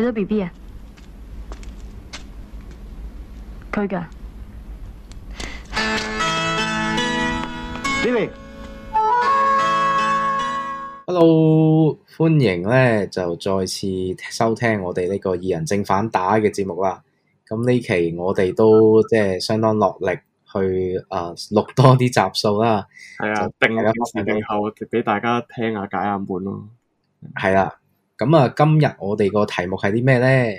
睇到 B B 啊，佢噶 h e l l o 歡迎咧就再次收聽我哋呢個二人正反打嘅節目啦。咁呢期我哋都即係相當落力去誒、呃、錄多啲集數啦，啊、就定下個時間後俾大家聽，聽解下解下悶咯。係啊。咁啊，今日我哋個題目係啲咩呢？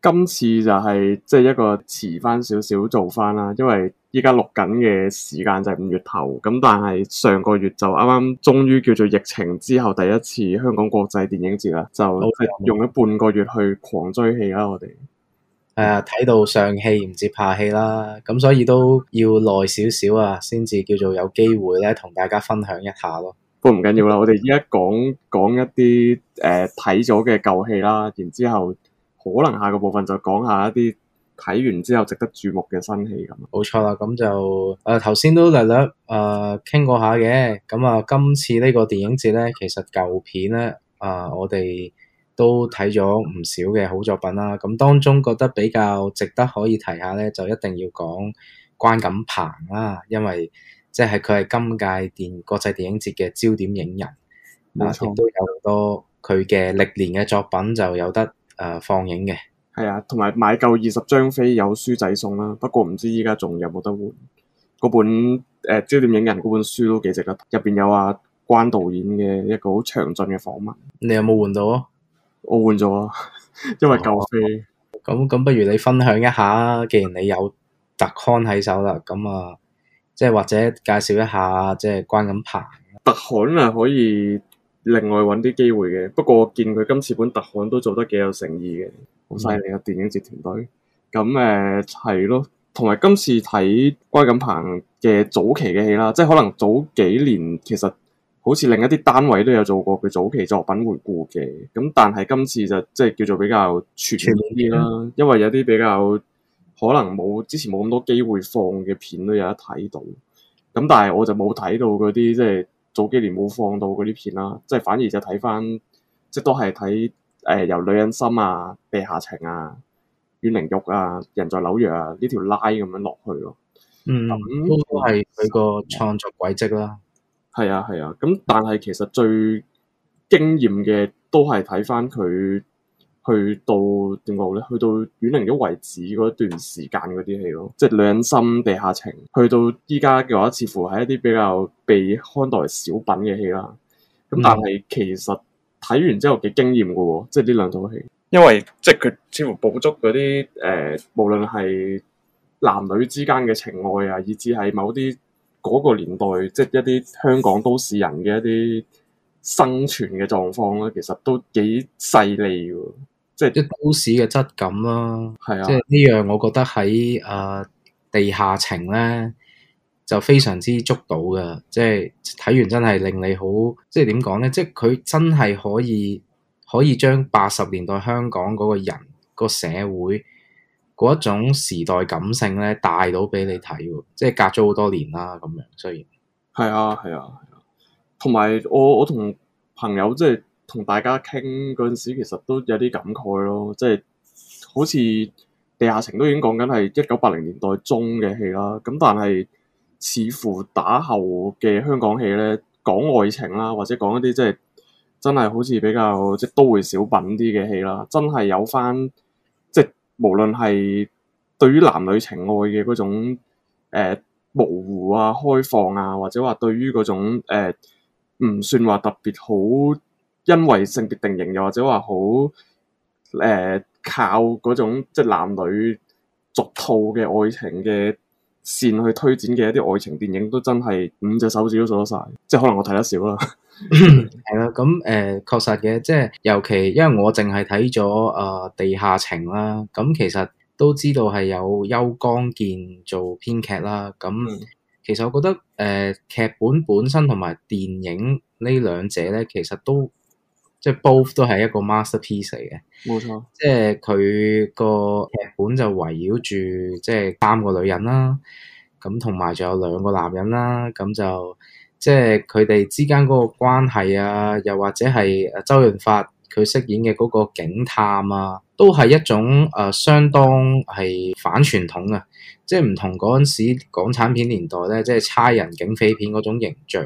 今次就係即係一個遲翻少少做翻啦，因為依家錄緊嘅時間就係五月頭，咁但係上個月就啱啱終於叫做疫情之後第一次香港國際電影節啦，就用咗半個月去狂追戲啦，啦，我哋係睇到上戲唔接下戲啦，咁所以都要耐少少啊，先至叫做有機會咧，同大家分享一下咯。都唔緊要啦，我哋依家講講一啲誒睇咗嘅舊戲啦，然之後可能下個部分就講下一啲睇完之後值得注目嘅新戲咁。冇錯啦，咁就誒頭先都略略誒傾過下嘅，咁、呃、啊今次呢個電影節呢，其實舊片呢，啊、呃，我哋都睇咗唔少嘅好作品啦。咁當中覺得比較值得可以提下呢，就一定要講關錦鵬啦，因為，即係佢係今屆電國際電影節嘅焦點影人，冇錯啊，亦都有好多佢嘅歷年嘅作品就有得誒、呃、放映嘅。係啊，同埋買夠二十張飛有書仔送啦、啊。不過唔知依家仲有冇得換嗰本誒、呃、焦點影人嗰本書都幾值得，入邊有啊，關導演嘅一個好詳盡嘅訪問。你有冇換到啊？我換咗啊，因為夠飛啊。咁咁、哦，不如你分享一下啊？既然你有特刊喺手啦，咁啊～即係或者介紹一下，即係關錦鵬特刊啊，可以另外搵啲機會嘅。不過見佢今次本特刊都做得幾有誠意嘅，好犀利啊！電影節團隊咁誒，係咯，同埋今次睇關錦鵬嘅早期嘅戲啦，即係可能早幾年其實好似另一啲單位都有做過佢早期作品回顧嘅。咁但係今次就即係叫做比較全啲啦，的因為有啲比較。可能冇之前冇咁多機會放嘅片都有得睇到，咁但係我就冇睇到嗰啲即係早幾年冇放到嗰啲片啦，即係反而就睇翻即都係睇誒由女人心啊、地下情啊、軟靈玉啊、人在紐約啊呢條拉 i 咁樣落去咯。嗯，嗯都都係佢個創作軌跡啦。係、嗯、啊，係啊，咁、啊、但係其實最驚豔嘅都係睇翻佢。去到點講咧？去到阮玲玉為止嗰段時間嗰啲戲咯，即係女人心、地下情。去到依家嘅話，似乎係一啲比較被看待為小品嘅戲啦。咁但係其實睇完之後幾驚豔嘅喎，即係呢兩套戲，因為即係佢似乎捕捉嗰啲誒，無論係男女之間嘅情愛啊，以至係某啲嗰個年代，即係一啲香港都市人嘅一啲生存嘅狀況咧，其實都幾細膩嘅。即係啲都市嘅質感啦，係啊！即係呢樣，我覺得喺誒、呃、地下情咧，就非常之捉到嘅。即係睇完真係令你好，即係點講咧？即係佢真係可以可以將八十年代香港嗰個人、個社會嗰一種時代感性咧帶到俾你睇喎。即係隔咗好多年啦，咁樣雖然係啊係啊，同埋、啊啊、我我同朋友即係。同大家傾嗰陣時，其實都有啲感慨咯，即係好似地下情都已經講緊係一九八零年代中嘅戲啦。咁但係似乎打後嘅香港戲咧，講愛情啦，或者講一啲即係真係好似比較即都會小品啲嘅戲啦，真係有返即係無論係對於男女情愛嘅嗰種、呃、模糊啊、開放啊，或者話對於嗰種呃、唔算話特別好。因為性別定型，又或者話好誒靠嗰種即係男女俗套嘅愛情嘅線去推展嘅一啲愛情電影，都真係五隻手指都數得晒，即係可能我睇得少啦、嗯。係 啦，咁、嗯、誒確實嘅，即係尤其因為我淨係睇咗誒地下情啦，咁其實都知道係有邱剛健做編劇啦。咁其實我覺得誒、呃、劇本本身同埋電影呢兩者咧，其實都～即係 both 都係一個 masterpiece 嚟嘅，冇錯。即係佢個劇本就圍繞住即係三個女人啦，咁同埋仲有兩個男人啦，咁就即係佢哋之間嗰個關係啊，又或者係周潤發佢飾演嘅嗰個警探啊，都係一種誒、呃、相當係反傳統啊，即係唔同嗰陣時港產片年代咧，即係差人警匪，匪片嗰種形象。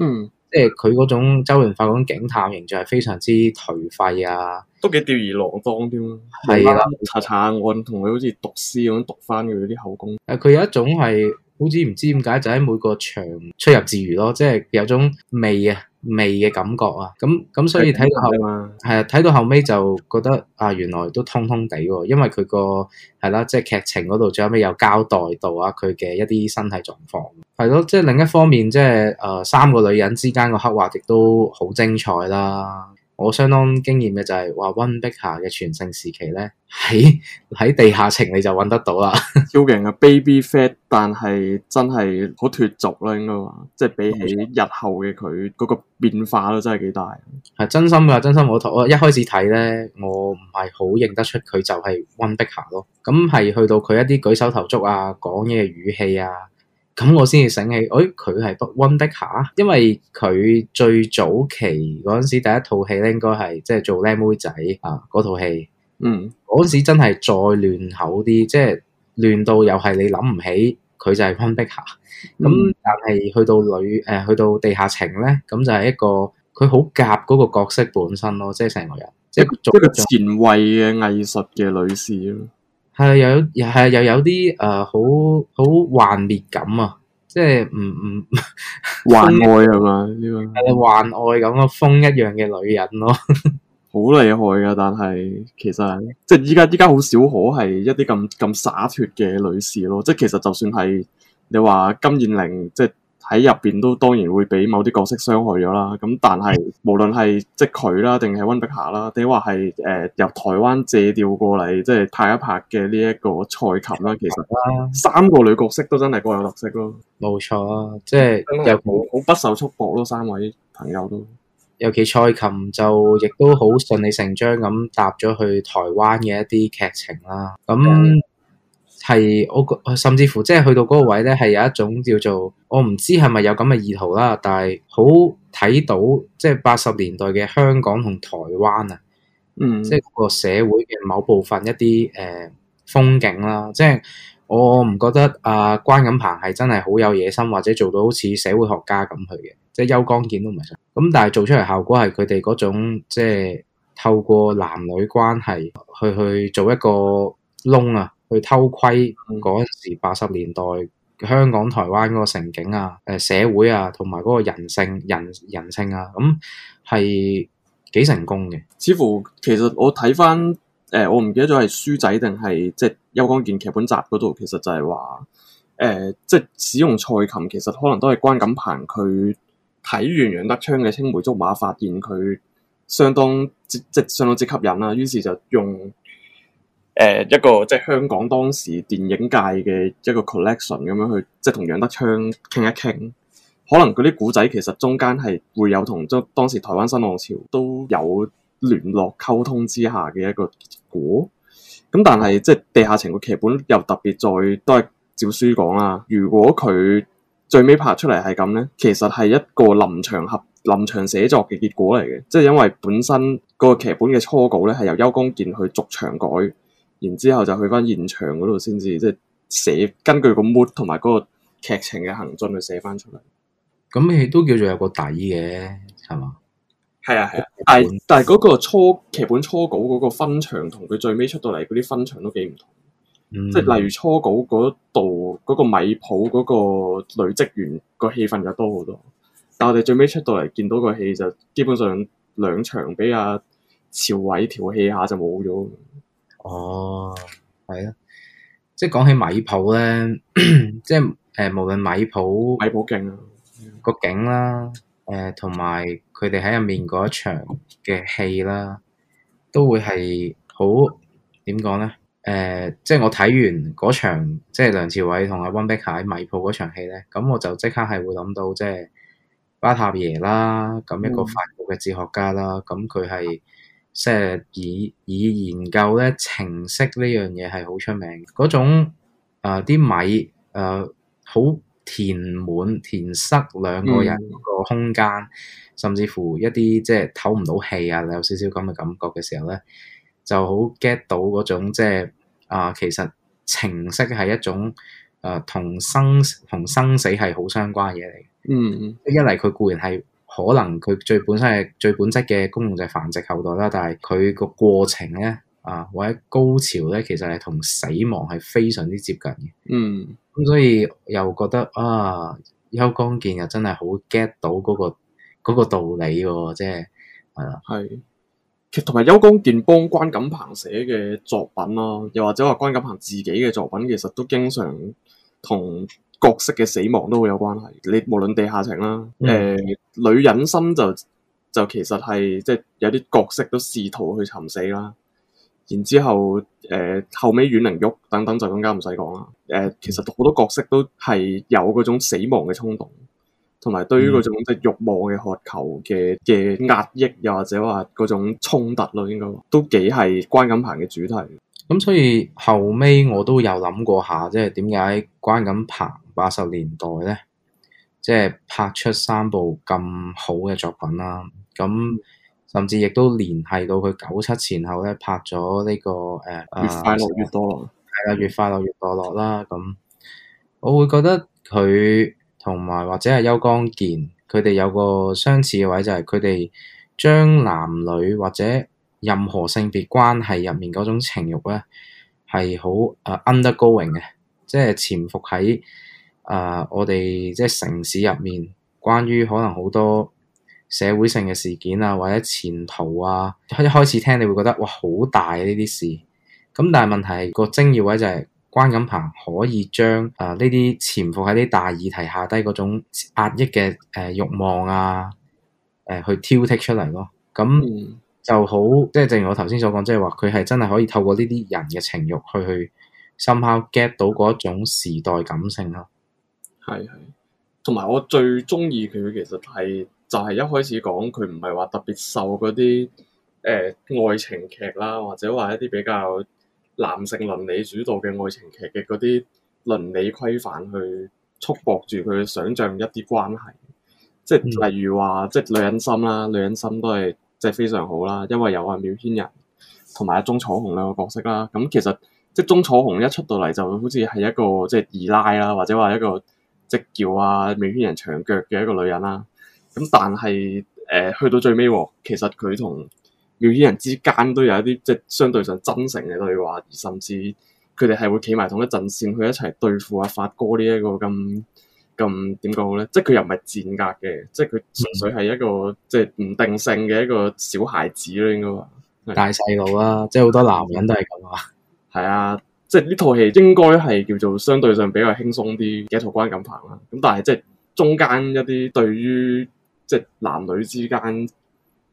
嗯。即係佢嗰種周潤發嗰種警探形象係非常之頹廢啊，都幾吊兒郎當添。係啦、啊，查查案同佢好似讀詩咁讀翻佢啲口供。誒，佢有一種係好似唔知點解就喺、是、每個場出入自如咯，即係有種味啊味嘅感覺啊。咁咁所以睇到後係啊，睇到後尾就覺得啊，原來都通通地喎，因為佢個係啦，即係劇情嗰度最後尾有交代到啊，佢嘅一啲身體狀況。係咯，即係、就是、另一方面，即係誒，三個女人之間嘅刻畫亦都好精彩啦。我相當驚艷嘅就係話温碧霞嘅全盛時期咧，喺喺地下情你就揾得到啦。嬌人嘅 baby fat，但係真係好脱俗啦，應該話即係比起日後嘅佢嗰個變化都真係幾大。係真心噶，真心我同我一開始睇咧，我唔係好認得出佢就係温碧霞咯。咁係去到佢一啲舉手投足啊，講嘢嘅語氣啊。咁我先至醒起，誒佢係溫碧霞，因為佢最早期嗰陣時第一套戲咧，應該係即係做靚妹仔啊嗰套戲。嗯，嗰陣時真係再亂口啲，即係亂到又係你諗唔起佢就係溫碧霞。咁、嗯、但係去到女誒、呃、去到地下情咧，咁就係一個佢好夾嗰個角色本身咯，即係成個人，即係做個前衛嘅藝術嘅女士咯。係有，係又有啲誒、呃，好好幻滅感啊！即係唔唔幻愛係嘛，呢個係幻愛，咁嘅風一樣嘅女人咯、啊，好 厲害㗎！但係其實即係依家依家好少可係一啲咁咁灑脫嘅女士咯。即係其實就算係你話金燕玲，即係。喺入邊都當然會俾某啲角色傷害咗啦，咁但係無論係即佢啦，定係溫碧霞啦，定話係誒由台灣借調過嚟即係拍一拍嘅呢一個蔡琴啦，其實三個女角色都真係各有特色咯，冇錯啊，即係又好好不受束縛咯，三位朋友都，尤其，尤其蔡琴就亦都好順理成章咁搭咗去台灣嘅一啲劇情啦，咁。嗯係，我甚至乎即係去到嗰個位呢，係有一種叫做我唔知係咪有咁嘅意圖啦，但係好睇到即係八十年代嘅香港同台灣啊，即係、嗯、個社會嘅某部分一啲誒風景啦。即係我唔覺得啊，關錦鵬係真係好有野心，或者做到好似社會學家咁去嘅，即係邱剛健都唔係咁。但係做出嚟效果係佢哋嗰種，即係透過男女關係去去做一個窿啊，去偷窺嗰時八十年代香港、台灣嗰個情景啊、誒、呃、社會啊，同埋嗰個人性、人人性啊，咁係幾成功嘅。似乎其實我睇翻誒，我唔記得咗係書仔定係即係邱剛健劇本集嗰度，其實就係話誒，即、呃、係、就是呃就是、使用蔡琴，其實可能都係關錦鵬佢睇完楊德昌嘅青梅竹馬，發現佢相當即係相當之吸引啦，於是就用。誒，一個即係香港當時電影界嘅一個 collection，咁樣去即係同楊德昌傾一傾，可能嗰啲古仔其實中間係會有同即係當時台灣新浪潮都有聯絡溝通之下嘅一個結果。咁但係即係地下情個劇本又特別再都係照書講啦。如果佢最尾拍出嚟係咁呢，其實係一個臨場合臨場寫作嘅結果嚟嘅，即係因為本身個劇本嘅初稿呢，係由邱剛健去逐場改。然之後就去翻現場嗰度先至，即係寫根據個 mood 同埋嗰個劇情嘅行進去寫翻出嚟。咁戲都叫做有個底嘅，係嘛？係啊係啊，啊本但係嗰個初劇本初稿嗰個分場同佢最尾出到嚟嗰啲分場都幾唔同，即係、嗯、例如初稿嗰度嗰個米譜嗰個女職員個氣氛就多好多，但我哋最尾出到嚟見到個戲就基本上兩場俾阿朝偉調戲下就冇咗。哦，係啊。即係講起米鋪咧 ，即係誒、呃，無論米鋪，米鋪勁啊，個景啦，誒，同埋佢哋喺入面嗰場嘅戲啦，都會係好點講咧？誒、呃，即係我睇完嗰場，即係梁朝偉同阿温碧霞喺米鋪嗰場戲咧，咁我就即刻係會諗到即係巴塔耶啦，咁一個法國嘅哲學家啦，咁佢係。即係以以研究咧情色呢樣嘢係好出名，嗰種啲、呃、米誒好、呃、填滿填塞兩個人個空間，嗯、甚至乎一啲即係唞唔到氣啊，有少少咁嘅感覺嘅時候咧，就好 get 到嗰種即係啊、呃，其實情色係一種誒同、呃、生同生死係好相關嘅嘢嚟嘅。嗯，一嚟佢固然係。可能佢最本身係最本質嘅功用就係繁殖後代啦，但係佢個過程咧啊，或者高潮咧，其實係同死亡係非常之接近嘅。嗯，咁所以又覺得啊，邱剛健又真係好 get 到嗰、那個那個道理喎、哦，即係係啊，係，同埋邱剛健幫關錦鵬寫嘅作品咯、啊，又或者話關錦鵬自己嘅作品，其實都經常同。角色嘅死亡都會有關係，你無論地下情啦，誒、嗯呃，女人心就就其實係即係有啲角色都試圖去尋死啦，然之後誒、呃、後尾阮玲玉等等就更加唔使講啦，誒、呃、其實好多角色都係有嗰種死亡嘅衝動，同埋對於嗰種即係欲望嘅渴求嘅嘅壓抑又或者話嗰種衝突咯，應該都幾係關錦鵬嘅主題。咁所以後尾我都有諗過下，即係點解關錦鵬。八十年代咧，即係拍出三部咁好嘅作品啦。咁甚至亦都聯繫到佢九七前後咧，拍咗呢、這個誒、uh,，越快樂越墮落係啊，越快樂越墮落」啦。咁我會覺得佢同埋或者係邱光健，佢哋有個相似嘅位就係佢哋將男女或者任何性別關係入面嗰種情欲咧，係好誒 undergoing 嘅，即係潛伏喺。誒，uh, 我哋即係城市入面，關於可能好多社會性嘅事件啊，或者前途啊，一開始聽你會覺得哇，好大嘅呢啲事。咁但係問題係、那個精要位就係、是、關錦鵬可以將誒呢啲潛伏喺啲大議題下低嗰種壓抑嘅誒慾望啊，誒、呃呃、去挑剔出嚟咯。咁就好，即係正如我頭先所講，即係話佢係真係可以透過呢啲人嘅情慾去去深刻 get 到嗰一種時代感性咯。係係，同埋我最中意佢，其實係就係、是、一開始講佢唔係話特別受嗰啲誒愛情劇啦，或者話一啲比較男性倫理主導嘅愛情劇嘅嗰啲倫理規範去束縛住佢想象一啲關係，即係例如話、嗯、即係女人心啦，女人心都係即係非常好啦，因為有阿繆騫人，同埋阿鐘楚紅兩個角色啦。咁其實即係鐘楚紅一出到嚟就好似係一個即係二奶啦，或者話一個。即叫啊！妙仙人長腳嘅一個女人啦、啊，咁但係誒、呃、去到最尾，其實佢同妙仙人之間都有一啲即係相對上真誠嘅對話，甚至佢哋係會企埋同一陣線去一齊對付阿、啊、發哥呢一個咁咁點講好咧？即係佢又唔係賤格嘅，即係佢純粹係一個即係唔定性嘅一個小孩子咯，應該話大細路啦，即係好多男人都係咁啊，係、嗯、啊。即係呢套戲應該係叫做相對上比較輕鬆啲嘅一套關錦鵬啦，咁但係即係中間一啲對於即係男女之間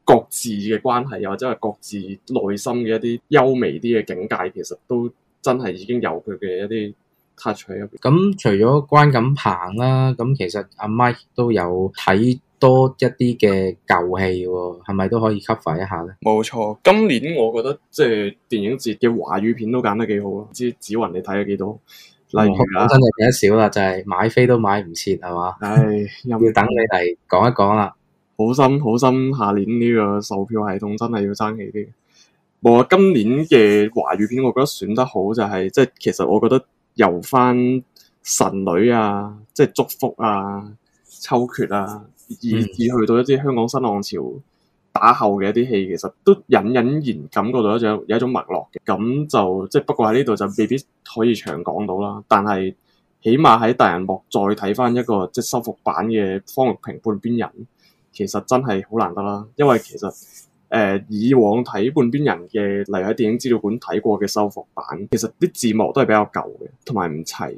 各自嘅關係又或者係各自內心嘅一啲幽微啲嘅境界，其實都真係已經有佢嘅一啲 touch 喺入邊。咁除咗關錦鵬啦，咁其實阿、啊、Mike 都有睇。多一啲嘅舊戲，係咪都可以吸 o 一下咧？冇錯，今年我覺得即係電影節嘅華語片都揀得幾好咯。知子雲你睇咗幾多？嗱、啊，本身就變得少啦，就係、是、買飛都買唔切，係嘛？唉，又 要等你嚟講一講啦。好心好心，心，下年呢個售票系統真係要爭氣啲。冇啊，今年嘅華語片，我覺得選得好就係、是就是、即係，其實我覺得由翻神女啊，即係祝福啊，秋缺》啊。嗯、而而去到一啲香港新浪潮打後嘅一啲戲，其實都隱隱然感覺到一種有一種脈絡嘅，咁就即係不過喺呢度就未必可以長講到啦。但係起碼喺大銀幕再睇翻一個即係修復版嘅方玉平半邊人，其實真係好難得啦。因為其實誒、呃、以往睇半邊人嘅例如喺電影資料館睇過嘅修復版，其實啲字幕都係比較舊嘅，同埋唔齊。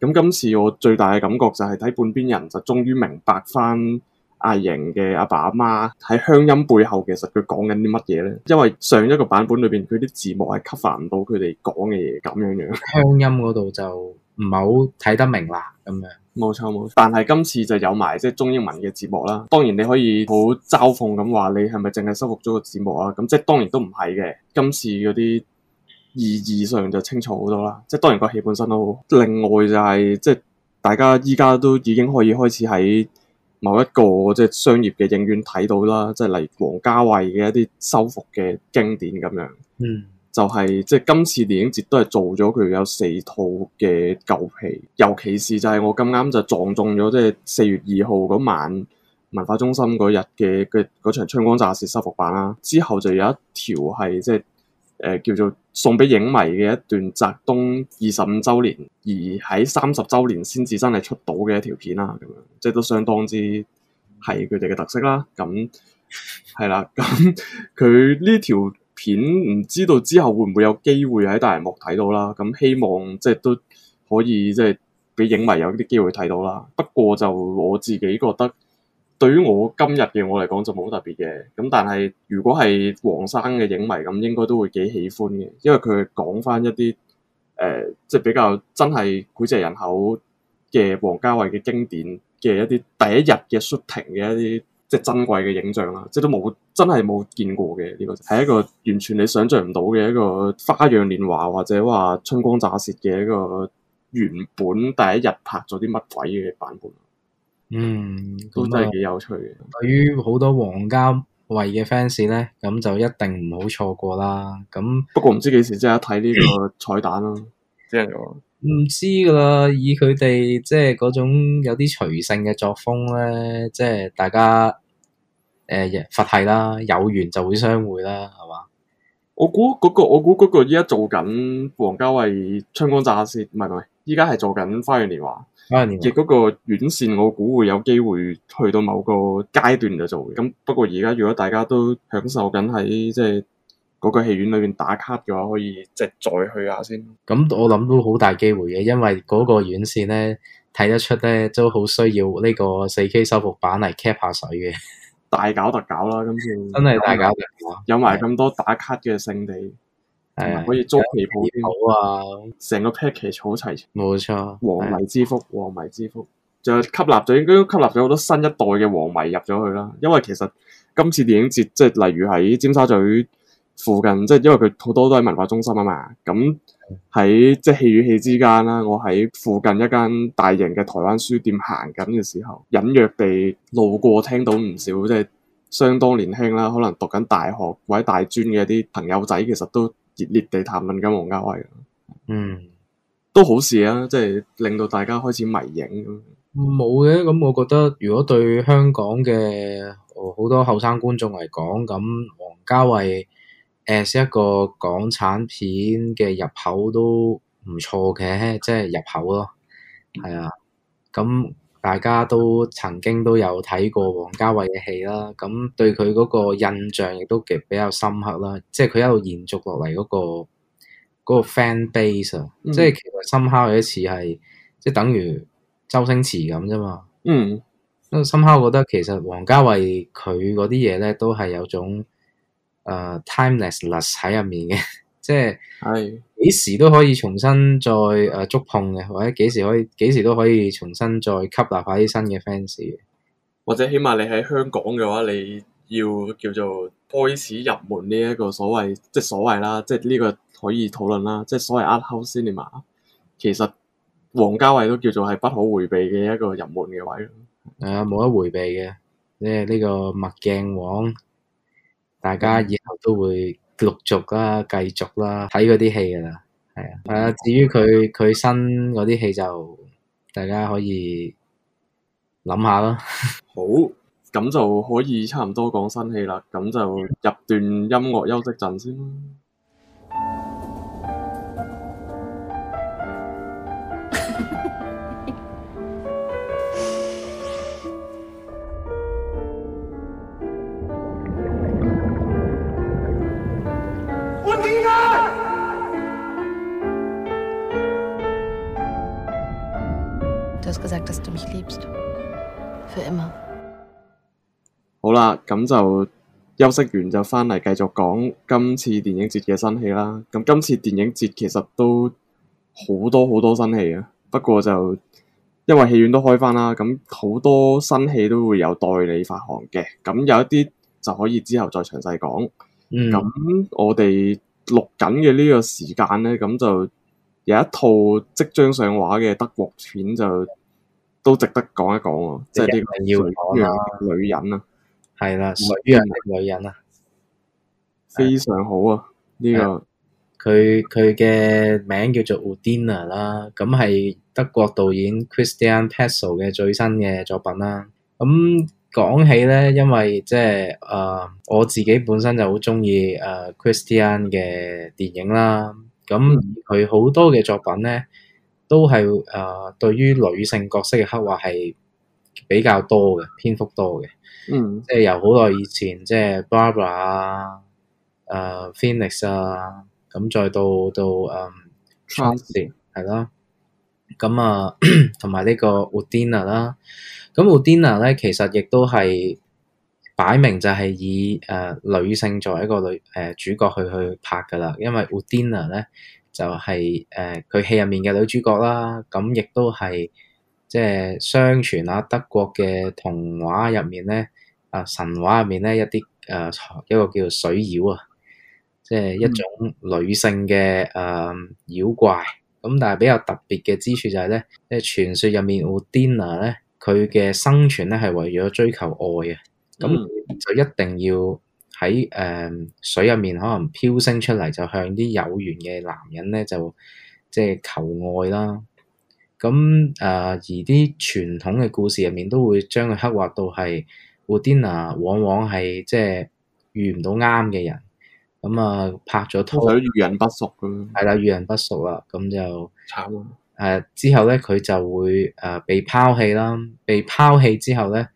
咁今次我最大嘅感覺就係睇半邊人就終於明白翻。阿盈嘅阿爸阿媽喺鄉音背後，其實佢講緊啲乜嘢呢？因為上一個版本裏邊佢啲字幕係吸 o 唔到佢哋講嘅嘢咁樣樣。鄉音嗰度就唔係好睇得明啦，咁樣冇錯冇。但係今次就有埋即係中英文嘅字幕啦。當然你可以好嘲諷咁話你係咪淨係收服咗個字幕啊？咁即係當然都唔係嘅。今次嗰啲意義上就清楚好多啦。即、就、係、是、當然個戲本身都好。另外就係即係大家依家都已經可以開始喺。某一個即係、就是、商業嘅影院睇到啦，即係例如王家衛嘅一啲修復嘅經典咁樣，嗯就是，就係即係今次電影節都係做咗佢有四套嘅舊戲，尤其是就係我咁啱就撞中咗即係四月二號嗰晚文化中心嗰日嘅嘅嗰場《春光乍泄》修復版啦，之後就有一條係即係，就是誒、呃、叫做送俾影迷嘅一段澤東二十五周年，而喺三十周年先至真係出到嘅一條片啦、啊，咁樣即係都相當之係佢哋嘅特色啦。咁係啦，咁佢呢條片唔知道之後會唔會有機會喺大銀幕睇到啦。咁希望即係都可以即係俾影迷有啲機會睇到啦。不過就我自己覺得。對於我今日嘅我嚟講就冇特別嘅，咁但係如果係王生嘅影迷咁，應該都會幾喜歡嘅，因為佢講返一啲誒、呃，即係比較真係膾炙人口嘅王家衛嘅經典嘅一啲第一日嘅 shooting 嘅一啲即係珍貴嘅影像啦，即係都冇真係冇見過嘅呢、這個，係一個完全你想象唔到嘅一,一個《花樣年華》或者話《春光乍洩》嘅一個原本第一日拍咗啲乜鬼嘅版本。嗯，都真係幾有趣嘅。嗯，對於好多王家衛嘅 fans 咧，咁就一定唔好錯過啦。咁不過唔知幾時即刻睇呢個彩蛋咯。唔、 嗰個、知噶啦，以佢哋即係嗰種有啲隨性嘅作風咧，即、就、係、是、大家誒、呃，佛系啦，有緣就會相會啦，係嘛？我估嗰、嗰個，我估嗰個依家做緊王家衛《春光乍洩》不是不是，唔係唔係，依家係做緊《花樣年華》。嘅嗰、啊、個院線我估會有機會去到某個階段就做嘅，咁不過而家如果大家都享受緊喺即係嗰個戲院裏邊打卡嘅話，可以即係再去下先。咁我諗都好大機會嘅，因為嗰個院線咧睇得出咧都好需要呢個四 k 修復版嚟 cap 下水嘅。 大搞特搞啦，今次真係大搞特搞， 有埋咁多打卡嘅勝地。可以租皮鋪啲好啊！成個 package 好齊全，冇錯。王迷之福，王迷之福，就吸納咗應該都吸納咗好多新一代嘅王迷入咗去啦。因為其實今次電影節，即係例如喺尖沙咀附近，即係因為佢好多都係文化中心啊嘛。咁喺即係戲與戲之間啦，我喺附近一間大型嘅台灣書店行緊嘅時候，隱約地路過聽到唔少，即係相當年輕啦，可能讀緊大學或者大專嘅一啲朋友仔，其實都。熱烈地談論緊王家衛，嗯，都好事啊！即係令到大家開始迷影。冇嘅，咁我覺得如果對香港嘅好、哦、多後生觀眾嚟講，咁王家衛 as 一個港產片嘅入口都唔錯嘅，即係入口咯。係、嗯、啊，咁。大家都曾經都有睇過王家衛嘅戲啦，咁對佢嗰個印象亦都極比較深刻啦。即係佢一路延續落嚟嗰個嗰、嗰個 fan base 啊、嗯，即係其實深刻有一次係即係等於周星馳咁啫嘛。嗯，咁深刻，我覺得其實王家衛佢嗰啲嘢咧都係有種誒、uh, timeless 喺入面嘅。即係幾時都可以重新再誒、呃、觸碰嘅，或者幾時可以幾時都可以重新再吸納下啲新嘅 fans，或者起碼你喺香港嘅話，你要叫做開始入門呢一個所謂即係所謂啦，即係呢個可以討論啦，即係所謂 art house cinema，其實黃家衞王家衛都叫做係不可回避嘅一個入門嘅位，係啊、呃，冇得回避嘅，即係呢個墨鏡王，大家以後都會。陸續啦，繼續啦，睇嗰啲戲㗎啦，係啊，係啊。至於佢佢新嗰啲戲就大家可以諗下啦。好，咁就可以差唔多講新戲啦。咁就入段音樂休息陣先啦。好啦，咁就休息完就翻嚟，繼續講今次電影節嘅新戲啦。咁今次電影節其實都好多好多新戲啊。不過就因為戲院都開翻啦，咁好多新戲都會有代理發行嘅。咁有一啲就可以之後再詳細講。咁、嗯、我哋錄緊嘅呢個時間呢，咁就有一套即將上畫嘅德國片就。都值得講一講喎，即係啲女、啊、女人啊，啊水漾的女人啊，非常好啊！呢、這個佢佢嘅名叫做 Undine 啦，咁係德國導演 Christian Petzold 嘅最新嘅作品啦。咁講起咧，因為即係啊，我自己本身就好鍾意啊 Christian 嘅電影啦。咁佢好多嘅作品咧。都係誒、呃、對於女性角色嘅刻畫係比較多嘅，篇幅多嘅。嗯，即係由好耐以前，即係 Barbara 啊、誒 Phoenix 啊，咁、嗯、再到到誒 Transit 係啦。咁、嗯斯嗯嗯、啊，同埋、 啊、呢個 Undine 啦。咁 Undine 咧，其實亦都係擺明就係以誒、呃、女性作為一個女誒、呃、主角去去拍㗎啦。因為 Undine 咧。就係誒佢戲入面嘅女主角啦，咁亦都係即係相傳啊，德國嘅童話入面咧啊，神話入面咧一啲誒一個叫做水妖啊，即係一種女性嘅誒妖怪，咁、嗯、但係比較特別嘅之處就係咧，即係傳說入面奧丁娜咧，佢嘅生存咧係為咗追求愛啊，咁、嗯、就一定要。喺誒、嗯、水入面，可能飄升出嚟，就向啲有緣嘅男人咧，就即係求愛啦。咁誒、呃，而啲傳統嘅故事入面，都會將佢刻畫到係沃蒂娜，往往係即係遇唔到啱嘅人。咁、嗯、啊，拍咗拖，想遇人不淑咁，係啦，遇人不淑啦，咁就慘了、呃、之後咧，佢就會誒、呃、被拋棄啦。被拋棄之後咧，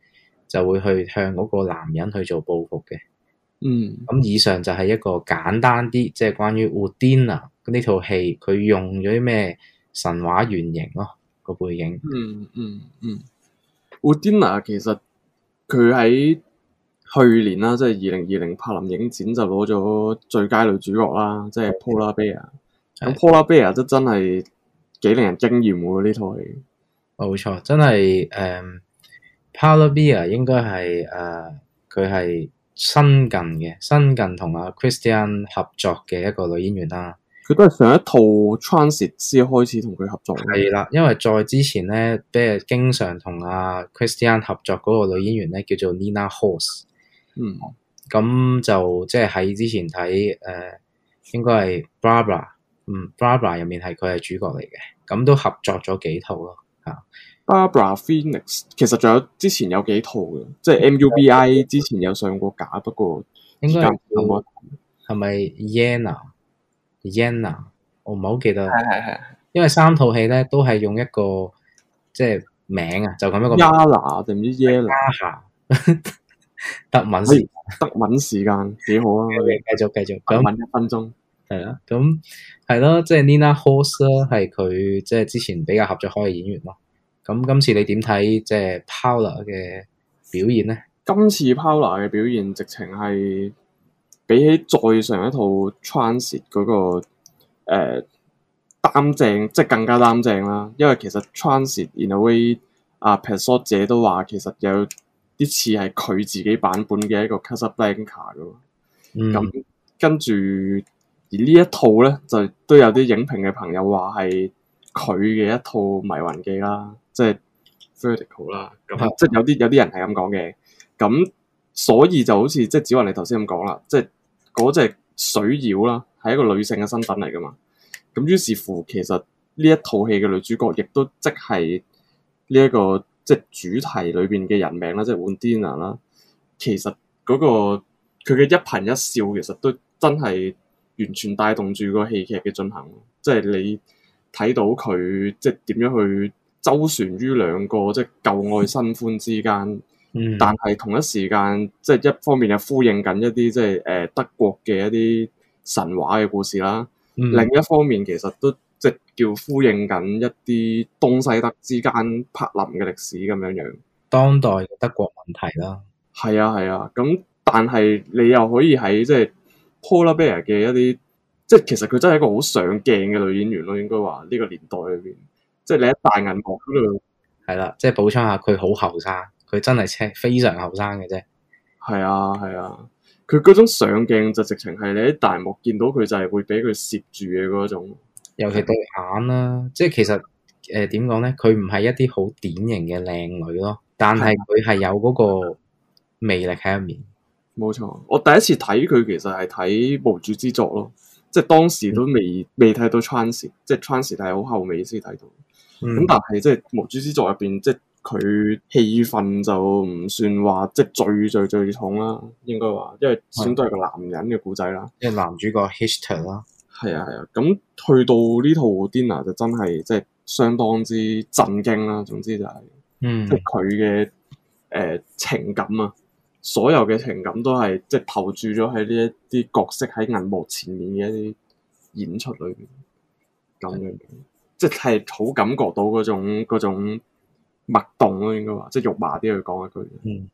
就會去向嗰個男人去做報復嘅。嗯，咁以上就係一個簡單啲，即、就、係、是、關於《Undine》呢套戲，佢用咗啲咩神話原型咯個背影。嗯嗯嗯，嗯《Undine、嗯》其實佢喺去年啦，即係二零二零柏林影展就攞咗最佳女主角啦，即、就、係、是、Paula Beer 咁的 Paula Beer 都真係幾令人驚艷喎呢套戲。冇錯，真係誒，Paula Beer 應該係誒佢係。Uh, 新近嘅新近同阿 Christian 合作嘅一個女演員啦，佢都係上一套 Transit 先開始同佢合作。係啦，因為在之前咧，即係經常同阿 Christian 合作嗰個女演員咧，叫做 Nina Hoss、嗯嗯呃嗯。嗯，咁就即係喺之前睇誒，應該係 Barbara。嗯，Barbara 入面係佢係主角嚟嘅，咁都合作咗幾套咯。啊、嗯。Barbara Phoenix 其實仲有之前有幾套嘅，即係 Mubi 之前有上過架，不過應該有冇？係咪 Yella？Yella？我唔係好記得，係係係。因為三套戲咧都係用一個即係名啊，就咁一個 Yala 定唔知 Yella？德文先，ara, 德文時間幾好啊！我哋繼續繼續，德文一分鐘係啊。咁係咯，即係 Nina Hoss 啦，係佢即係之前比較合作開嘅演員咯。咁、就是、今次你點睇即係 Powler 嘅表現咧？今次 Powler 嘅表現直情係比起再上一套 Transit 嗰、嗰個誒擔、呃、正，即係更加擔正啦。因為其實 Transit in a way 阿 Petzold 姐都話其實有啲似係佢自己版本嘅一個 Casablanca 嘅喎。咁跟住而呢一套咧，就都有啲影評嘅朋友話係佢嘅一套迷魂記啦。即係 vertical 啦，咁即係有啲有啲人係咁講嘅，咁所以就好似即係子雲你頭先咁講啦，即係嗰隻隻水妖啦，係一個女性嘅身份嚟噶嘛，咁於是乎，其實呢一套戲嘅女主角亦都即係呢一個即係主題裡邊嘅人名啦，即係 Undine 啦，其實嗰、那個佢嘅一顰一笑，其實都真係完全帶動住個戲劇嘅進行，即係你睇到佢即係點樣去。周旋於兩個即係、就是、舊愛新歡之間，嗯、但係同一時間即係、就是、一方面又呼應緊一啲即係誒德國嘅一啲神話嘅故事啦，嗯、另一方面其實都即、就是、叫呼應緊一啲東西德之間柏林嘅歷史咁樣樣，當代嘅德國問題啦，係啊係啊，咁、啊、但係你又可以喺即係、就是、Paula Beer 嘅一啲，即、就、係、是、其實佢真係一個好上鏡嘅女演員咯，應該話呢、這個年代裏邊。即係你喺大銀幕度，係啦，即係補充下佢好後生，佢真係車非常後生嘅啫。係啊係啊，佢嗰種上鏡就直情係你喺大銀幕見到佢就係會俾佢攝住嘅嗰一種。尤其對眼啦、啊，即係其實誒點講咧，佢唔係一啲好典型嘅靚女咯，但係佢係有嗰個魅力喺入面。冇錯，我第一次睇佢其實係睇無主之作咯，即係當時都未、嗯、未睇到 trans，即係 trans 係好後尾先睇到。咁、嗯、但係即係《無主之作》入邊，即係佢氣氛就唔算話即係最最最重啦，應該話，因為始終都係個男人嘅故仔啦，即係男主角 Hester 啦。係啊係啊，咁去到呢套 Dinner 就真係即係相當之震驚啦。總之就係、是，嗯、即係佢嘅誒情感啊，所有嘅情感都係即係投注咗喺呢一啲角色喺銀幕前面嘅一啲演出裏邊咁樣嘅。即係好感覺到嗰種嗰種脈動咯，應該話即係肉麻啲去講一句。嗯，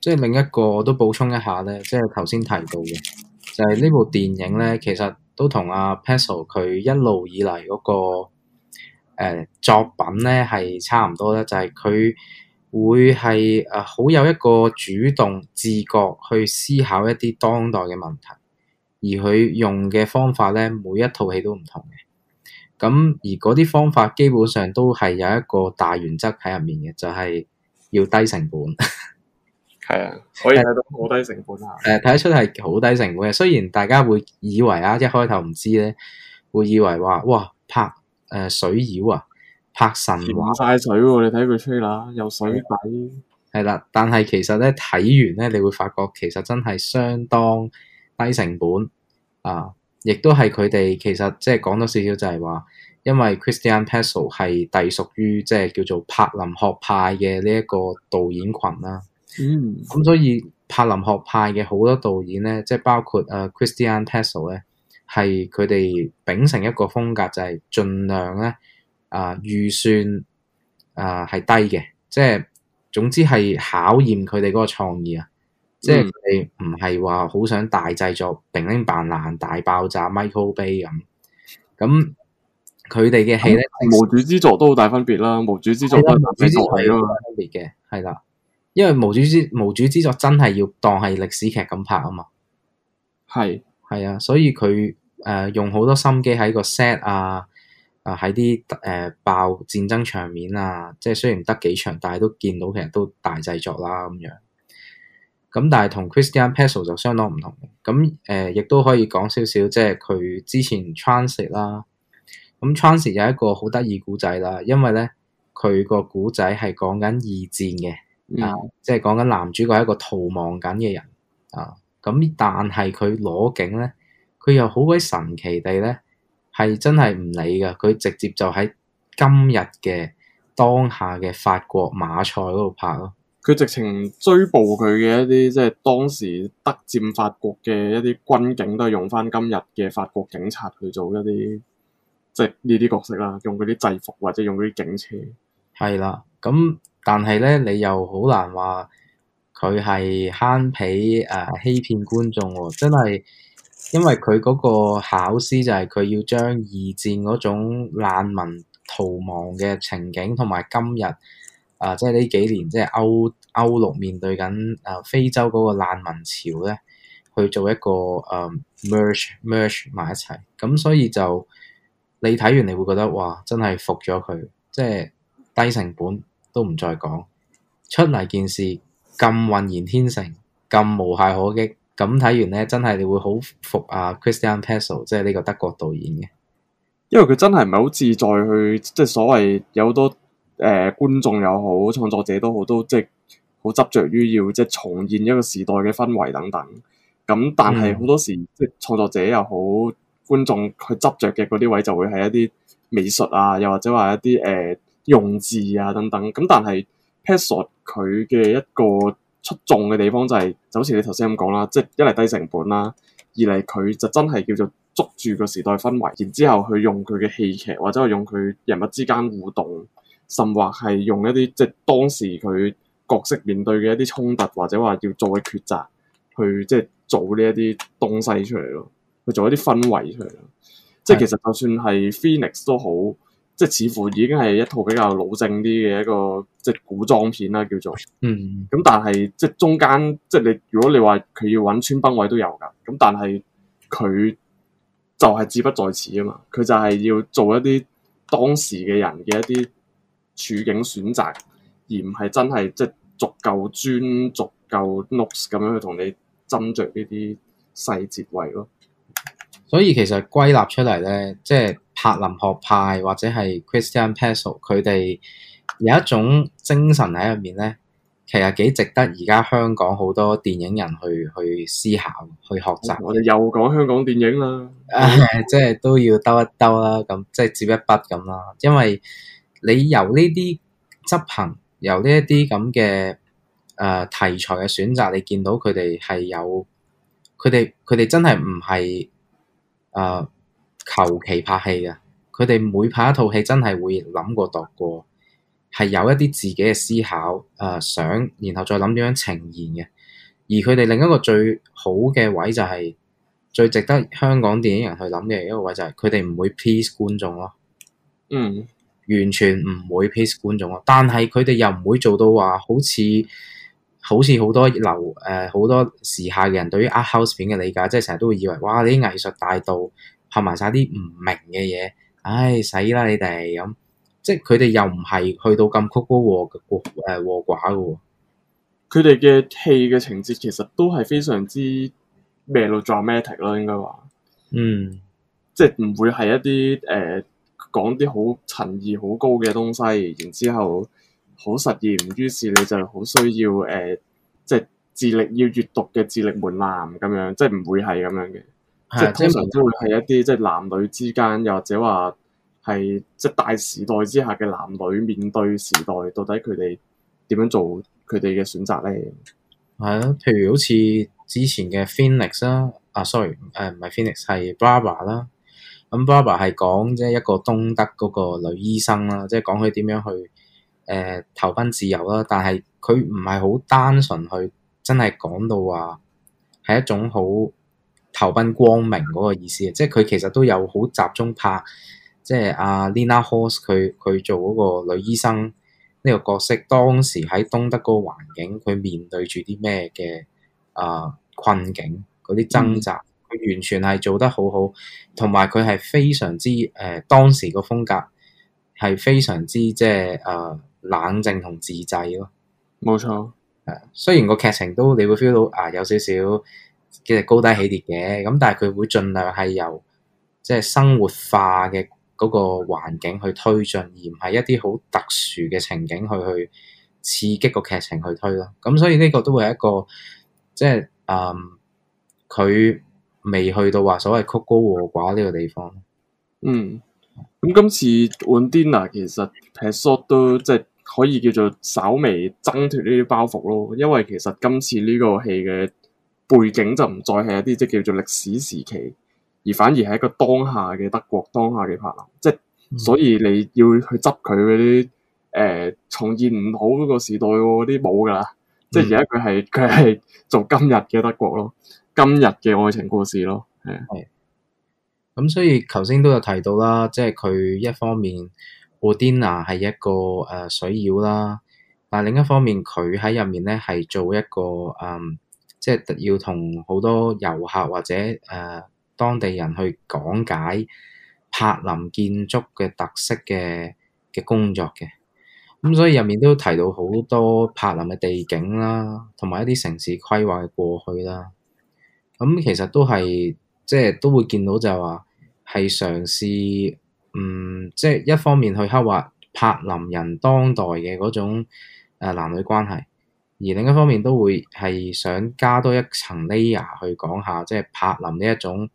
即係另一個我都補充一下咧，即係頭先提到嘅，就係、是、呢部電影咧，其實都同阿 Petzold 佢一路以嚟嗰、那個、呃、作品咧係差唔多咧，就係、是、佢會係誒好有一個主動自覺去思考一啲當代嘅問題，而佢用嘅方法咧，每一套戲都唔同嘅。咁而嗰啲方法基本上都係有一個大原則喺入面嘅，就係、是、要低成本。係 啊，可以睇到好低成本啊。誒、呃，睇、呃、得出係好低成本嘅。雖然大家會以為啊，一開頭唔知咧，會以為話哇拍誒、呃、水妖啊，拍神話。曬水、啊，你睇佢吹喇，有水底。係啦、啊啊，但係其實咧睇完咧，你會發覺其實真係相當低成本啊。亦都係佢哋其實即係講多少少就係話，因為 Christian Petzold 係隸屬於即係叫做柏林學派嘅呢一個導演群啦。咁所以柏林學派嘅好多導演咧，即係包括啊 Christian Petzold 咧，係佢哋秉承一個風格，就係盡量咧啊預算啊係低嘅，即係總之係考驗佢哋嗰個創意啊。嗯、即係唔係話好想大製作，平靚扮爛，大爆炸，Michael Bay 咁，咁佢哋嘅戲咧，無、嗯、主之作都好大分別啦。無、嗯、主之作同分別嘅係啦，因為無主之無主之作真係要當係歷史劇咁拍啊嘛。係係啊，所以佢誒、呃、用好多心機喺個 set 啊，啊喺啲誒爆戰爭場面啊，即係雖然得幾場，但係都見到其實都大製作啦咁樣。咁但係同 Christian Petzold 就相當唔同嘅，咁誒、呃、亦都可以講少少，即係佢之前 Transit 啦，咁 Transit 有一個好得意古仔啦，因為咧佢個古仔係講緊二戰嘅、嗯啊，即係講緊男主角係一個逃亡緊嘅人啊，咁但係佢攞景咧，佢又好鬼神奇地咧，係真係唔理嘅，佢直接就喺今日嘅當下嘅法國馬賽嗰度拍咯。佢直情追捕佢嘅一啲，即係當時德佔法國嘅一啲軍警，都係用翻今日嘅法國警察去做一啲，即係呢啲角色啦，用嗰啲制服或者用嗰啲警車，係啦，咁但係咧，你又好難話，佢係慳皮誒欺騙觀眾、哦，真係，因為佢嗰個考試就係佢要將二戰嗰種難民逃亡嘅情景同埋今日。啊，即係呢幾年，即係歐歐陸面對緊啊、呃、非洲嗰個難民潮咧，去做一個誒、呃、merge merge 埋一齊，咁、嗯、所以就你睇完你會覺得哇，真係服咗佢，即係低成本都唔再講出嚟，件事咁渾然天成，咁無懈可擊，咁睇完咧真係你會好服啊 Christian p e t z l 即係呢個德國導演嘅。因為佢真係唔係好自在去，即、就、係、是、所謂有多。誒、呃，觀眾又好，創作者都好，都即係好執着於要即係重現一個時代嘅氛圍等等。咁但係好多時，即係創作者又好，觀眾佢執着嘅嗰啲位就會係一啲美術啊，又或者話一啲誒、呃、用字啊等等。咁但係 Petzold 佢嘅一個出眾嘅地方就係、是、就好似你頭先咁講啦，即、就、係、是、一嚟低成本啦，二嚟佢就真係叫做捉住個時代氛圍，然之後去用佢嘅戲劇或者係用佢人物之間互動。甚或係用一啲即係當時佢角色面對嘅一啲衝突，或者話要做嘅抉擇，去即係做呢一啲東西出嚟咯，去做一啲氛圍出嚟咯。的即係其實就算係 Phoenix 都好，即係似乎已經係一套比較老正啲嘅一個即古裝片啦，叫做嗯，嗯。咁、嗯、但係即係中間即係你如果你話佢要揾穿崩位都有㗎，咁但係佢就係志不在此啊嘛，佢就係要做一啲當時嘅人嘅一啲，處境選擇，而唔係真係即係足夠專、足夠 nose 咁樣去同你斟酌呢啲細節位咯。所以其實歸納出嚟咧，即係柏林學派或者係 Christian Petzold，佢哋有一種精神喺入面咧，其實幾值得而家香港好多電影人去去思考、去學習。我哋又講香港電影啦 即係都要兜一兜啦，咁即係接一筆咁啦，因為。你由呢啲執行，由呢一啲咁嘅誒題材嘅選擇，你見到佢哋係有佢哋佢哋真係唔係誒求其拍戲嘅。佢哋每拍一套戲，真係會諗過度過，係有一啲自己嘅思考誒、呃、想，然後再諗點樣呈現嘅。而佢哋另一個最好嘅位就係、是、最值得香港電影人去諗嘅一個位、就是，就係佢哋唔會 please 觀眾咯。嗯。完全唔會 pace 觀眾啊！但係佢哋又唔會做到話好似好似好多流誒好、呃、多時下嘅人對於 art house 片嘅理解，即係成日都會以為哇，你啲藝術大道拍埋晒啲唔明嘅嘢，唉，死啦你哋咁！即係佢哋又唔係去到咁曲高和誒和寡嘅。佢哋嘅戲嘅情節其實都係非常之 melodramatic 咯，應該話，嗯，即係唔會係一啲誒。呃講啲好層意、好高嘅東西，然之後好實驗，於是你就好需要誒、呃，即係智力要閲讀嘅智力門檻咁樣，即係唔會係咁樣嘅，的即係通常都會係一啲即係男女之間，又或者話係即係大時代之下嘅男女面對時代，到底佢哋點樣做佢哋嘅選擇咧？係啊，譬如好似之前嘅 Phoenix 啦、啊，啊，sorry，誒唔係 Phoenix 係 Barbara 啦。咁 Barbara 係講即係一個東德嗰個女醫生啦，即係講佢點樣去誒、呃、投奔自由啦。但係佢唔係好單純去真係講到話係一種好投奔光明嗰個意思啊。即係佢其實都有好集中拍，即係阿 Lina Hoss 佢佢做嗰個女醫生呢個角色，當時喺東德個環境，佢面對住啲咩嘅啊困境啲掙扎。嗯完全係做得好好，同埋佢係非常之誒、呃、當時個風格係非常之即係誒冷靜同自制咯。冇錯，誒雖然個劇情都你會 feel 到啊有少少其實高低起跌嘅，咁但係佢會盡量係由即係生活化嘅嗰個環境去推進，而唔係一啲好特殊嘅情景去去刺激個劇情去推咯。咁所以呢個都會係一個即係佢。就是未去到話所謂曲高和寡呢個地方。嗯，咁今次《Undine》其實 Petzold 都即係、就是、可以叫做稍微掙脫呢啲包袱咯，因為其實今次呢個戲嘅背景就唔再係一啲即係叫做歷史時期，而反而係一個當下嘅德國，當下嘅柏林。嗯、即係所以你要去執佢嗰啲誒重現唔好嗰個時代嗰啲冇㗎啦。嗯、即係而家佢係佢係做今日嘅德國咯。今日嘅愛情故事咯，係咁，所以頭先都有提到啦，即係佢一方面 Undine 係一個誒水妖啦，但係另一方面佢喺入面咧係做一個嗯，即係要同好多遊客或者誒、呃、當地人去講解柏林建築嘅特色嘅嘅工作嘅。咁所以入面都提到好多柏林嘅地景啦，同埋一啲城市規劃嘅過去啦。咁其實都係，即係都會見到就係話係嘗試，嗯，即係一方面去刻畫柏林人當代嘅嗰種誒男女關係，而另一方面都會係想加多一層 layer 去講下，即係柏林呢一種誒、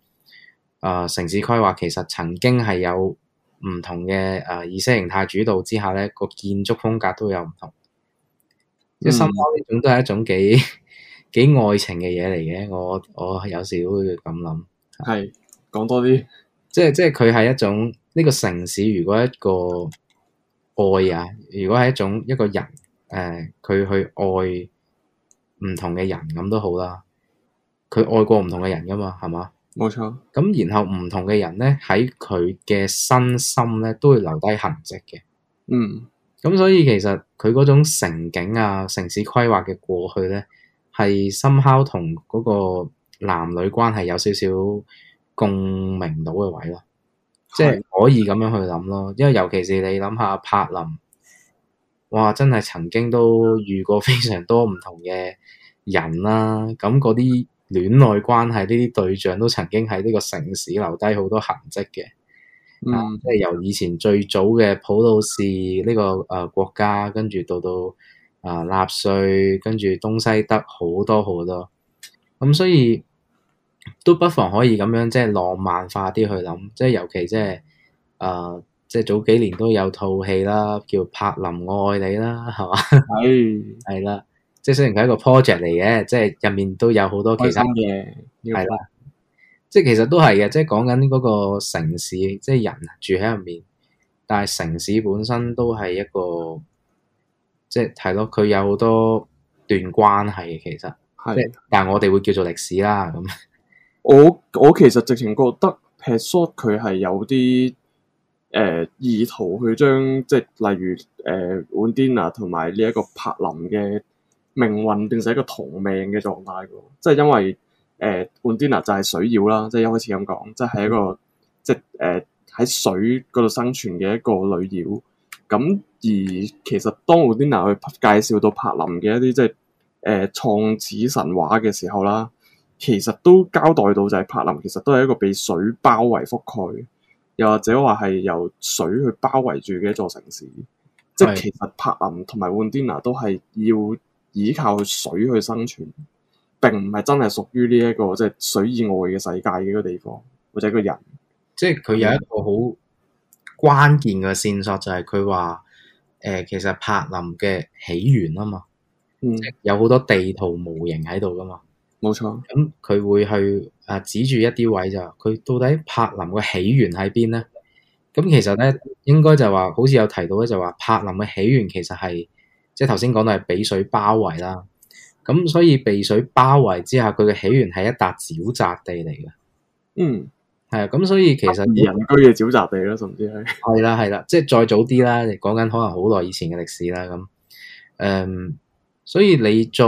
呃、城市規劃，其實曾經係有唔同嘅誒意識形態主導之下咧，個建築風格都有唔同，嗯、即係深方呢種都係一種幾。 幾愛情嘅嘢嚟嘅，我我有時都會咁諗，係講多啲，即係即係佢係一種呢個城市。如果一個愛啊，如果係一種一個人誒，佢、呃、去愛唔同嘅人咁都好啦。佢愛過唔同嘅人噶嘛，係嘛？冇錯。咁然後唔同嘅人咧，喺佢嘅身心咧，都會留低痕跡嘅。嗯，咁所以其實佢嗰種城景啊，城市規劃嘅過去咧。係深烤同嗰個男女關係有少少共鳴到嘅位咯，即係的可以咁樣去諗咯。因為尤其是你諗下柏林，哇！真係曾經都遇過非常多唔同嘅人啦、啊。咁嗰啲戀愛關係呢啲對象都曾經喺呢個城市留低好多痕跡嘅。嗯，即係、啊就是、由以前最早嘅普魯士呢個誒國家，跟住到到。啊！納粹跟住東西德好多好多，咁、嗯、所以都不妨可以咁樣即係、就是、浪漫化啲去諗，即係尤其即係啊，即係早幾年都有套戲啦，叫柏林我愛你啦，係嘛？係係啦，即係雖然佢係一個 project 嚟嘅，即係入面都有好多其他嘢。係啦的，即係其實都係嘅，即係講緊嗰個城市，即係人住喺入面，但係城市本身都係一個。即係咯，佢、就是、有好多段關係其實，即係的，但係我哋會叫做歷史啦。咁， 我我其實直情覺得，Petzold 佢係有啲誒、呃、意圖去將，即係例如誒，Undine 同埋呢一個柏林嘅命運，變成一個同命嘅狀態嘅，即係因為誒，Undine、呃、就係水妖啦，即係一開始咁講，即係一個即係誒喺水嗰度生存嘅一個女妖。咁而其實當奧丁娜去介紹到柏林嘅一啲即係誒創始神話嘅時候啦，其實都交代到就係柏林其實都係一個被水包圍覆蓋，又或者話係由水去包圍住嘅一座城市。是即係其實柏林同埋奧丁娜都係要依靠水去生存，並唔係真係屬於呢一個即係水以外嘅世界嘅一個地方，或者一個人，即係佢有一個好、嗯。關鍵嘅線索就係佢話，誒、呃、其實柏林嘅起源啊嘛，嗯、有好多地圖模型喺度噶嘛，冇錯。咁佢會去誒、啊、指住一啲位就，佢到底柏林嘅起源喺邊咧？咁其實咧應該就話，好似有提到咧就話，柏林嘅起源其實係即係頭先講到係被水包圍啦。咁所以被水包圍之下，佢嘅起源係一笪沼澤地嚟嘅。嗯。係啊，咁所以其實人居嘅沼澤地咯，甚至係，係啦係啦，即係再早啲啦，你講緊可能好耐以前嘅歷史啦咁。嗯，所以你再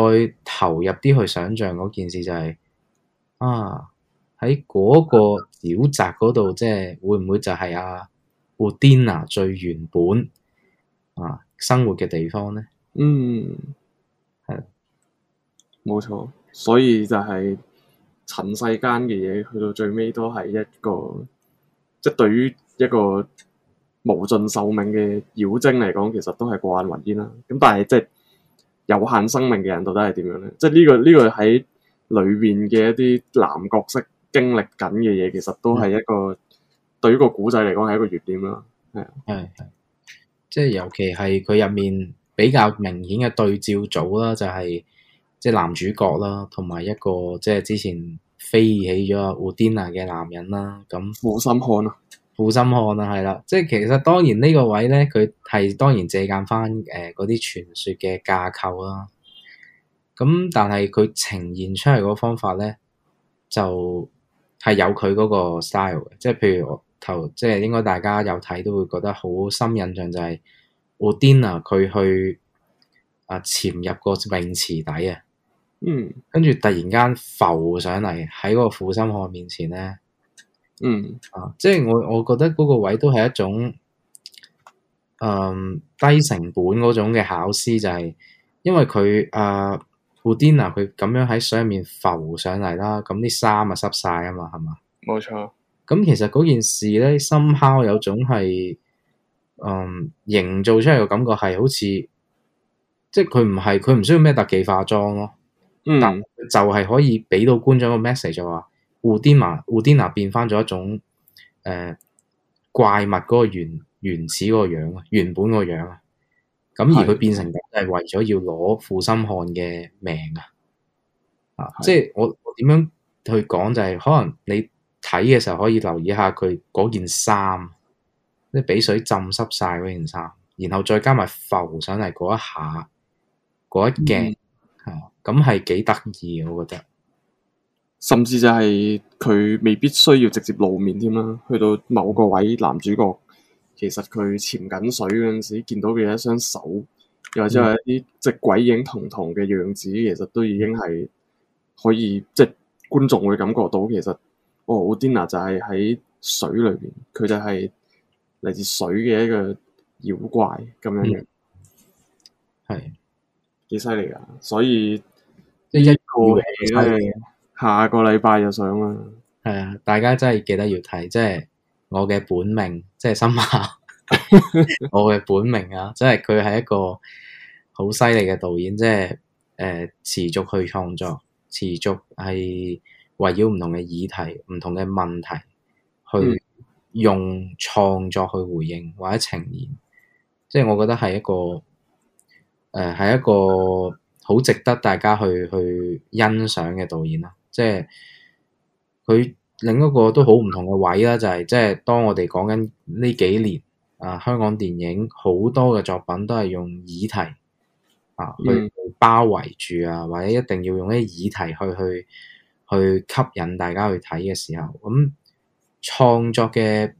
投入啲去想象嗰件事就係、是、啊，喺嗰個沼澤嗰度，即係會唔會就係啊沃蒂娜最原本啊生活嘅地方咧？嗯，係啊，冇錯，所以就係、是。塵世間嘅嘢，去到最尾都係一個，即係對於一個無盡壽命嘅妖精嚟講，其實都係過眼雲煙啦。咁但係即係有限生命嘅人，到底係點樣咧？即係、這、呢個呢、這個喺裏面嘅一啲男角色經歷緊嘅嘢，其實都係一個、嗯、對於個古仔嚟講係一個熱點啦。係係，即係尤其係佢入面比較明顯嘅對照組啦，就係、是。即係男主角啦，同埋一個即係之前飛起咗 Undine 嘅男人啦，咁負心漢啊，負心漢啊係啦，即係其實當然呢個位咧，佢係當然借鑒翻誒嗰啲傳說嘅架構啦，咁但係佢呈現出嚟個方法咧，就係、是、有佢嗰個 style 嘅，即係譬如我頭，即係應該大家有睇都會覺得好深印象就係 Undine 佢去啊潛入個泳池底啊。嗯，跟住突然間浮上嚟喺嗰個負心漢面前咧，嗯啊，即係我我覺得嗰個位都係一種，嗯低成本嗰種嘅巧思就係、是，因為佢啊，Undine 啊，佢咁樣喺上面浮上嚟啦，咁啲衫啊濕晒啊嘛，係嘛，冇錯。咁其實嗰件事咧，somehow 有種係，嗯，營造出嚟嘅感覺係好似，即係佢唔係佢唔需要咩特技化妝咯。但就係可以俾到觀眾個 message 就話，胡天娜，胡天娜變翻咗一種誒、呃、怪物嗰個原原始嗰個樣啊，原本個樣啊。咁而佢變成咁，係為咗要攞負心漢嘅命啊。啊，即係我點樣去講就係、是，可能你睇嘅時候可以留意下佢嗰件衫，即係俾水浸濕晒嗰件衫，然後再加埋浮上嚟嗰一下嗰一鏡係、嗯咁係幾得意啊！我覺得，甚至就係佢未必需要直接露面添啦，去到某個位，嗯、男主角其實佢潛緊水嗰陣時，見到佢一雙手，又或者係一啲即係鬼影幢幢嘅樣子，其實都已經係可以即係、就是、觀眾會感覺到，其實哦，Undine 就係喺水裏邊，佢就係嚟自水嘅一個妖怪咁、嗯、樣樣，係幾犀利噶，所以。即係一個下個禮拜就上啦。係啊，大家真係記得要睇，即係我嘅本命，即係森馬。 我嘅本命啊，即係佢係一個好犀利嘅導演，即係誒持續去創作，持續係圍繞唔同嘅議題、唔同嘅問題，去用創作去回應或者呈現。嗯、即係我覺得係一個誒，係一個。呃好值得大家去去欣賞嘅導演啦，即係佢另一個都好唔同嘅位啦，就係即係當我哋講緊呢幾年啊，香港電影好多嘅作品都係用議題啊去包圍住啊，或者一定要用啲議題去去去吸引大家去睇嘅時候，咁、啊、創作嘅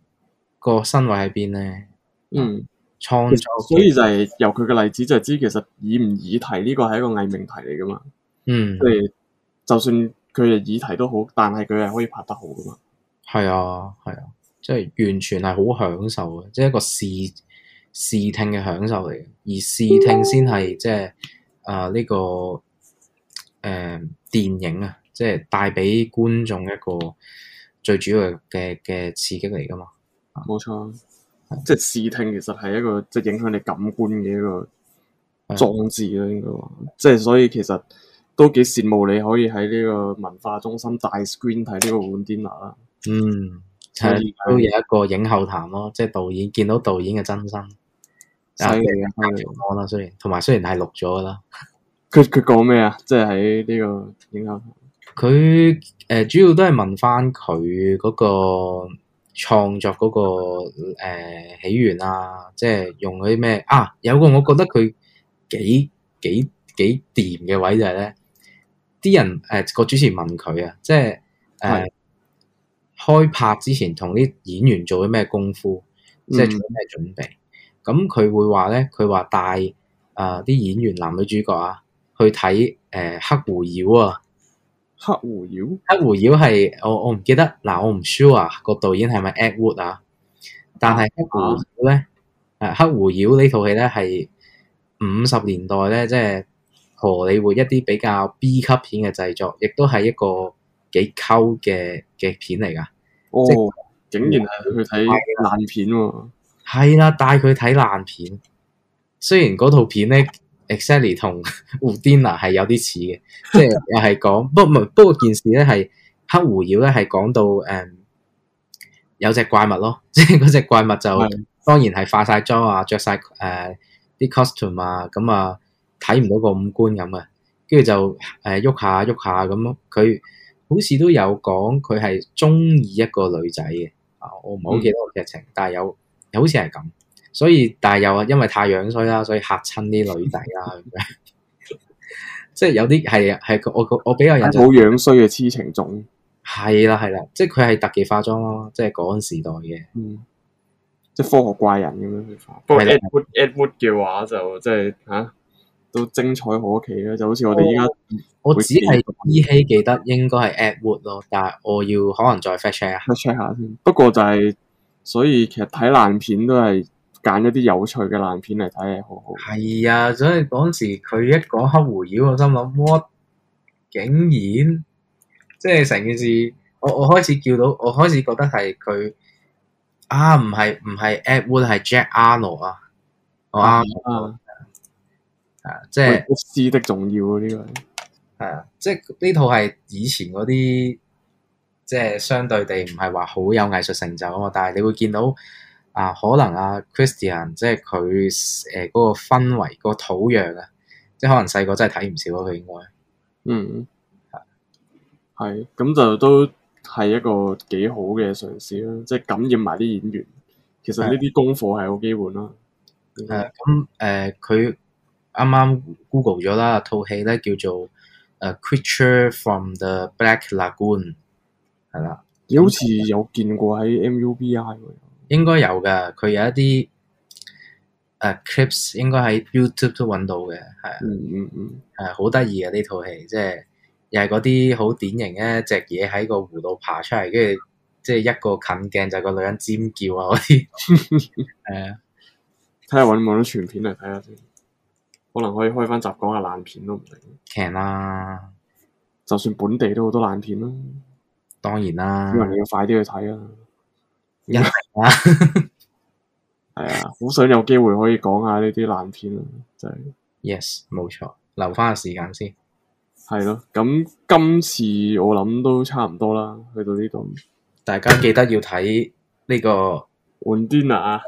個身位喺邊咧？啊、嗯。創作，所以就係由佢嘅例子就知，其實以唔以題呢個係一個偽命題嚟噶嘛。嗯，即係就，就算佢哋以題都好，但係佢係可以拍得好噶嘛。係啊，係啊，即係完全係好享受嘅，即係一個視視聽嘅享受嚟嘅。而視聽先係即係誒呢個誒電影啊，即係帶俾觀眾一個最主要嘅嘅刺激嚟噶嘛。冇錯。即係視聽，其實係一個即係影響你感官嘅一個裝置啦，應該話的即係所以其實都幾羨慕你可以喺呢個文化中心大 screen 睇呢個《Undine》。嗯，係都以有一個影後談咯，即、就、係、是、導演見到導演嘅真身，犀利啦。當然，同埋雖然係錄咗啦，佢佢講咩啊？即係喺呢個影後談，佢誒、呃、主要都係問翻佢嗰個。創作嗰、那個、呃、起源啊，即係用嗰啲咩啊？有個我覺得佢幾幾幾掂嘅位就係咧，啲人誒個、呃、主持人問佢啊，即係誒、呃、的開拍之前同啲演員做咗咩功夫，即係做咩準備？咁佢、嗯、會話咧，佢話帶誒啲、呃、演員男女主角啊去睇誒、呃、黑狐妖啊。黑狐妖，黑狐妖係我我唔記得，嗱我唔 sure 啊。個導演係咪 Edward 啊？但係黑狐妖咧，誒黑狐妖呢套戲咧係五十年代咧即係荷里活一啲比較 B 級片嘅製作，亦都係一個幾溝嘅嘅片嚟噶。哦，是竟然係去睇爛片喎，啊！係啦，啊，帶佢睇爛片，雖然嗰套片咧。Exactly 同 Undine 係有啲似嘅，即係又係講，不過唔不過件事咧係黑狐妖咧係講到誒、嗯、有隻怪物咯，即係嗰隻怪物就的當然係化晒妝啊，着晒誒啲 costume 啊，咁啊睇唔到個五官咁啊，跟住就誒喐、呃、下喐下咁咯。佢好似都有講佢係中意一個女仔嘅，啊我唔好記得個劇情，嗯、但係有，有好似係咁。所以，但係又啊，因為太樣衰啦，所以嚇親啲女仔啦咁樣， 即係有啲係係我我比較印象中，好樣衰嘅癡情種。係啦係啦，即係佢係特技化妝咯，即係嗰個時代嘅、嗯，即係科學怪人咁樣去化妝。的不過 Edward Edward 嘅話就即係吓、啊、都精彩可期啦，就好似我哋依家，我只係依稀記得應該係 Edward 咯，但係我要可能再 flash check 下 check 下先。不過就係、是、所以其實睇爛片都係。揀一啲有趣嘅爛片嚟睇係好好。係啊，所以嗰時佢一講黑胡妖，我心諗 what 竟然，即係成件事，我我開始叫到，我開始覺得係佢啊，唔係唔係 Ed Wood 係 Jack Arnold 啊，我啱啊，係啊,、這個、啊，即係布斯的重要嗰啲，係啊，即係呢套係以前嗰啲，即係相對地唔係話好有藝術成就啊，但係你會見到。啊，可能啊，Christian 即係佢誒嗰個氛圍、個土壤啊，即係可能細個真係睇唔少咯，佢應該。嗯，係，係咁就都係一個幾好嘅嘗試咯，即係感染埋啲演員。其實呢啲功課係好基本啦。誒、嗯，咁誒、嗯，佢啱啱 Google 咗啦，套戲咧叫做《誒 Creature from the Black Lagoon》，係啦，你好似有見過喺 MUBI。應該有噶，佢有一啲誒、uh, clips，應該喺 YouTube 都揾到嘅。係啊，係好得意嘅呢套戲，即係又係嗰啲好典型嘅隻嘢喺個湖度爬出嚟，跟住即係一個近鏡就個女人尖叫啊嗰啲，係啊 的，睇下揾唔揾到全片嚟睇下先，可能可以開翻集講下爛片都唔定 c 啦。啊、就算本地都好多爛片啦，當然啦，因為你要快啲去睇啊， 啊，係啊，好想有機會可以講下呢啲爛片，就是、yes, 啊，真係。Yes，冇錯，留翻個時間先。係咯，咁今次我諗都差唔多啦，去到呢度，大家記得要睇呢、這個《Undine》啊，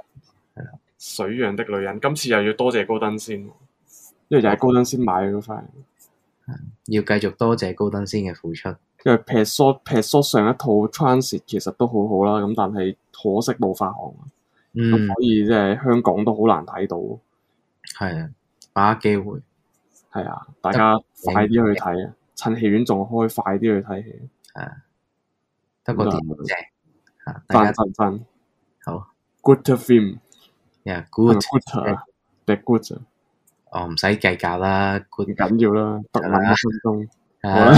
係啊，《水漾的女人》啊。今次又要多謝高登先，因為就係高登先買咗嚟，啊，要繼續多謝高登先嘅付出。因為 Petzold Petzold 上一套 transit 其實都好好啦，咁但係可惜冇發行，咁所以即係香港都好難睇到。係啊，把握機會。係啊，大家快啲去睇啊，趁戲院仲開，快啲去睇戲。係啊，得個點？謝，散散散，好。Good film，呀 good good good 唔使計價啦，唔緊要啦，得五分鐘，係啦。